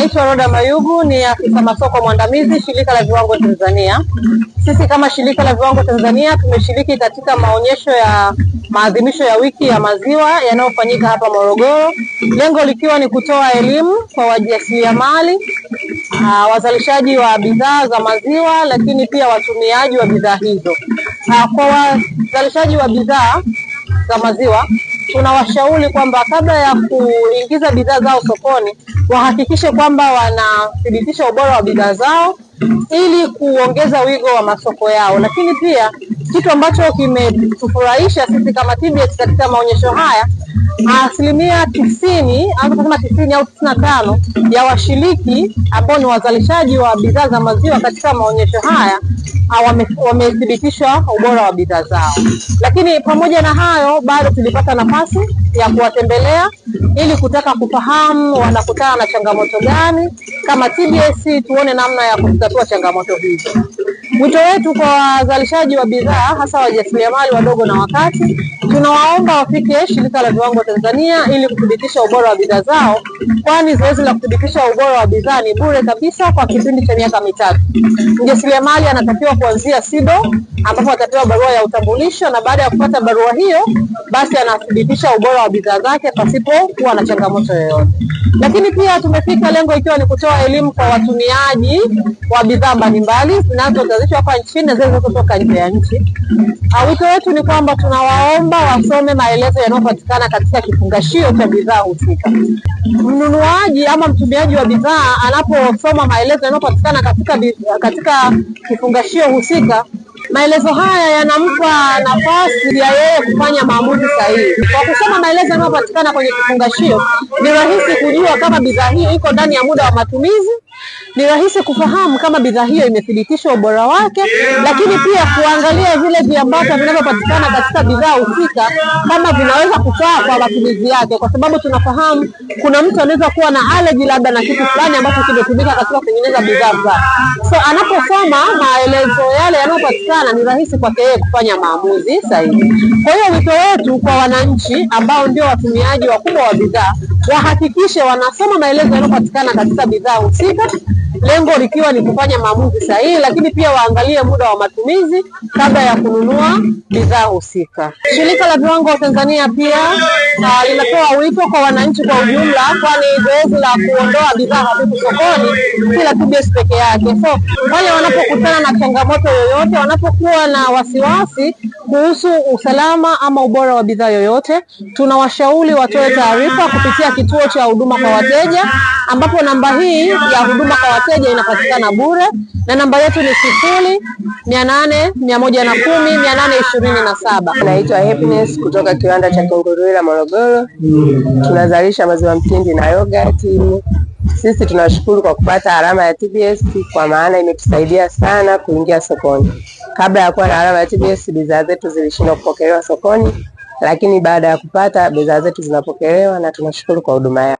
Naitwa Roda Mayugu, ni afisa masoko mwandamizi shirika la viwango Tanzania. Sisi kama shirika la viwango Tanzania tumeshiriki katika maonyesho ya maadhimisho ya wiki ya maziwa yanayofanyika hapa Morogoro, lengo likiwa ni kutoa elimu kwa wajasiriamali, ah, wazalishaji wa bidhaa za maziwa, lakini pia watumiaji wa bidhaa hizo. Ah, kwa wazalishaji wa bidhaa za maziwa tunawashauri kwamba kabla ya kuingiza bidhaa zao sokoni wahakikishe kwamba wanathibitisha ubora wa bidhaa zao ili kuongeza wigo wa masoko yao, lakini pia kitu ambacho kimetufurahisha sisi kama TBS katika maonyesho haya, asilimia tisini au tunasema tisini au tisini na tano ya washiriki ambao ni wazalishaji wa bidhaa za maziwa katika maonyesho haya ah, wamethibitishwa ubora wa bidhaa zao. Lakini pamoja na hayo, bado tulipata nafasi ya kuwatembelea ili kutaka kufahamu wanakutana na changamoto gani, kama TBS tuone namna ya kutatua changamoto hizo. Wito wetu kwa wazalishaji wa bidhaa hasa wajasiriamali wadogo na wakati, tunawaomba wafike shirika la viwango Tanzania ili kuthibitisha ubora wa bidhaa zao, kwani zoezi la kuthibitisha ubora wa bidhaa ni bure kabisa kwa kipindi cha miaka mitatu. Mjasiriamali anatakiwa kuanzia SIDO ambapo atapewa barua ya utambulisho, na baada ya kupata barua hiyo, basi anathibitisha ubora wa bidhaa zake pasipo kuwa na changamoto yoyote. Lakini pia tumefika lengo ikiwa ni kutoa elimu kwa watumiaji wa bidhaa mbalimbali zinazozalishwa hapa nchini na zile zinazotoka nje ya nchi. Ah, wito wetu ni kwamba tunawaomba wasome maelezo yanayopatikana katika kifungashio cha bidhaa husika. Mnunuaji ama mtumiaji wa bidhaa anaposoma maelezo yanayopatikana katika, katika kifungashio husika Maelezo haya yanampa nafasi ya yeye kufanya maamuzi sahihi. Kwa kusoma maelezo yanayopatikana kwenye kifungashio, ni rahisi kujua kama bidhaa hii iko ndani ya muda wa matumizi ni rahisi kufahamu kama bidhaa hiyo imethibitishwa ubora wake, lakini pia kuangalia vile viambata vinavyopatikana katika bidhaa husika kama vinaweza kufaa kwa matumizi yake, kwa sababu tunafahamu kuna mtu anaweza kuwa na allergy labda na kitu fulani ambacho kimetumika katika kutengeneza bidhaa fulani. So anaposoma maelezo yale yanayopatikana, ni rahisi kwake yeye kufanya maamuzi sahihi. Kwa hiyo wito wetu kwa wananchi ambao ndio watumiaji wakubwa wa bidhaa, wahakikishe wanasoma maelezo yanayopatikana katika bidhaa husika lengo likiwa ni kufanya maamuzi sahihi, lakini pia waangalie muda wa matumizi kabla ya kununua bidhaa husika. Shirika la viwango Tanzania pia uh, linatoa wito kwa wananchi kwa ujumla, kwani zoezi la kuondoa bidhaa hafifu sokoni si la TBS peke yake. So wale wanapokutana na changamoto yoyote, wanapokuwa na wasiwasi kuhusu usalama ama ubora wa bidhaa yoyote, tunawashauri watoe taarifa kupitia kituo cha huduma kwa wateja, ambapo namba hii ya huduma kwa wateja meseji inapatikana bure, na namba yetu ni sifuri mia nane mia moja na kumi mia nane ishirini na saba. Naitwa Happiness kutoka kiwanda cha Kinguruila Morogoro, tunazalisha maziwa mtindi na yogati. Sisi tunashukuru kwa kupata alama ya TBS kwa maana imetusaidia sana kuingia sokoni. Kabla ya kuwa na alama ya TBS bidhaa zetu zilishindwa kupokelewa sokoni, lakini baada ya kupata bidhaa zetu zinapokelewa na tunashukuru kwa huduma yao.